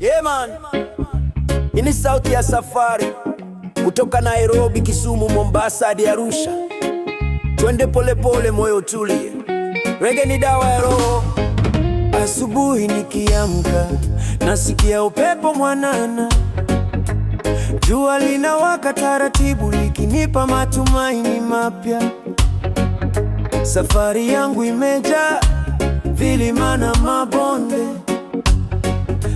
Yeah man. Hii ni sauti ya safari kutoka Nairobi, Kisumu, Mombasa hadi Arusha. Twende polepole, moyo tulie. rege ni dawa ya roho. Asubuhi nikiamka, nasikia upepo mwanana, jua linawaka taratibu, likinipa matumaini mapya. Safari yangu imejaa vilima na mabonde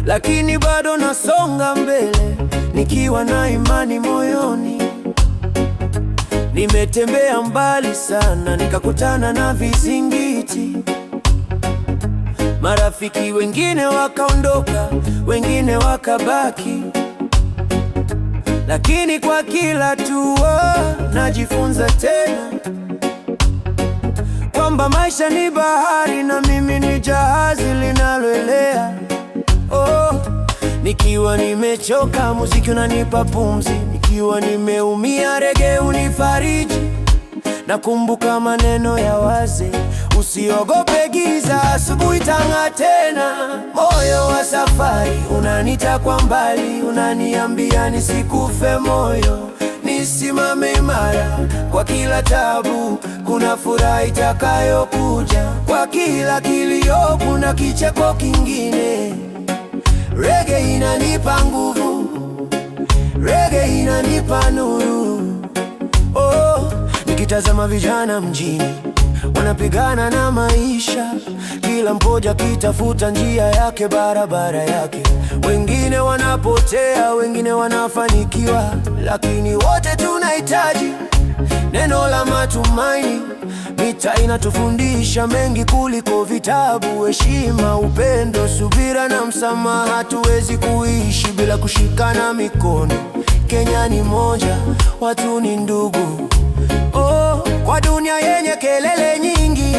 lakini bado nasonga mbele nikiwa na imani moyoni. Nimetembea mbali sana, nikakutana na vizingiti. Marafiki wengine wakaondoka, wengine wakabaki, lakini kwa kila tuwa najifunza tena kwamba maisha ni bahari na mimi ni jahazi linaloelea. Nikiwa nimechoka muziki unanipa pumzi, nikiwa nimeumia rege unifariji. Nakumbuka maneno ya wazee, usiogope giza, asubuhi tang'aa tena. Moyo wa safari unanita kwa mbali, unaniambia nisikufe moyo, nisimame imara. Kwa kila tabu kuna furaha itakayokuja, kwa kila kilio kuna kicheko kingine. Reggae inanipa nguvu, reggae inanipa nuru. Oh, nikitazama vijana mjini wanapigana na maisha, kila mmoja akitafuta njia yake, barabara yake. Wengine wanapotea, wengine wanafanikiwa, lakini wote tunahitaji neno la matumaini. Vita inatufundisha mengi kuliko vitabu: heshima, upendo, subira na msamaha. Hatuwezi kuishi bila kushikana mikono. Kenya ni moja, watu ni ndugu. Oh, kwa dunia yenye kelele nyingi,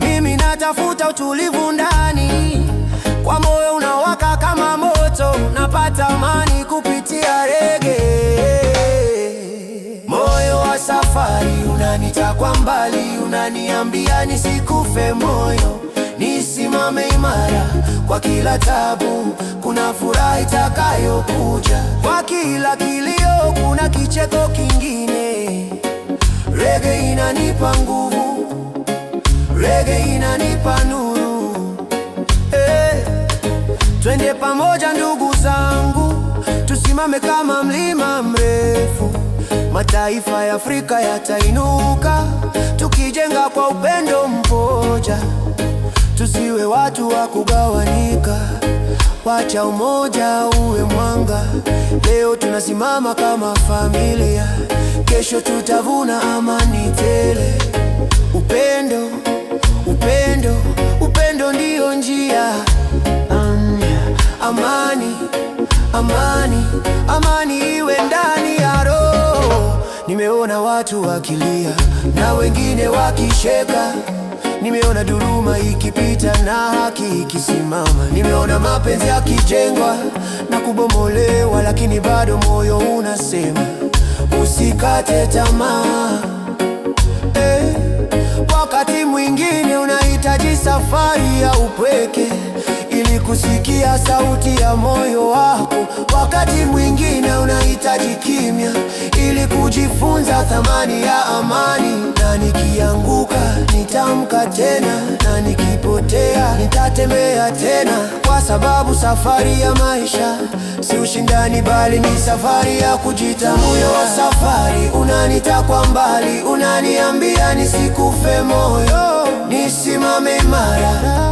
mimi natafuta utulivu ndani, kwa moyo unawaka kama moto, napata amani kupitia rege. Moyo wa safari unanita kwa mbali unaniambia nisikufe moyo, nisimame imara. Kwa kila tabu kuna furaha itakayokuja, kwa kila kilio kuna kicheko kingine. Rege inanipa nguvu, rege inanipa nuru. Hey, eh, twende pamoja ndugu zangu, tusimame kama mlima mrefu mataifa ya Afrika yatainuka, tukijenga kwa upendo mmoja, tusiwe watu wa kugawanika. Wacha umoja uwe mwanga. Leo tunasimama kama familia, kesho tutavuna amani tele. Upendo, upendo, upendo ndiyo njia. amani, amani, amani Nimeona watu wakilia na wengine wakisheka. Nimeona dhuluma ikipita na haki ikisimama. Nimeona mapenzi yakijengwa na kubomolewa, lakini bado moyo unasema usikate tamaa. Eh, wakati mwingine unahitaji safari ya upweke kusikia sauti ya moyo wako. Wakati mwingine unahitaji kimya ili kujifunza thamani ya amani. Na nikianguka nitamka tena, na nikipotea nitatemea tena, kwa sababu safari ya maisha si ushindani, bali ni safari ya kujitambua. Moyo wa safari unanita kwa mbali, unaniambia nisikufe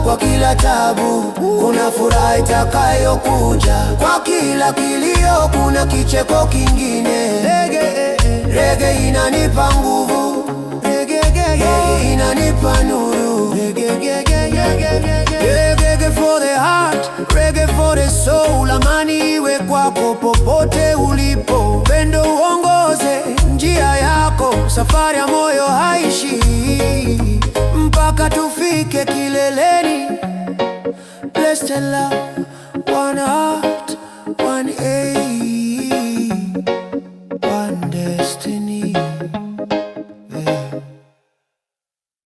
kwa kila tabu kuna furaha itakayokuja, kwa kila kilio kuna kicheko kingine. Reggae inanipa nguvu, reggae inanipa nuru, reggae for the heart, reggae for the soul, amani iwe Safari ya moyo haishi mpaka tufike kileleni. Blessed love, one heart, one aim.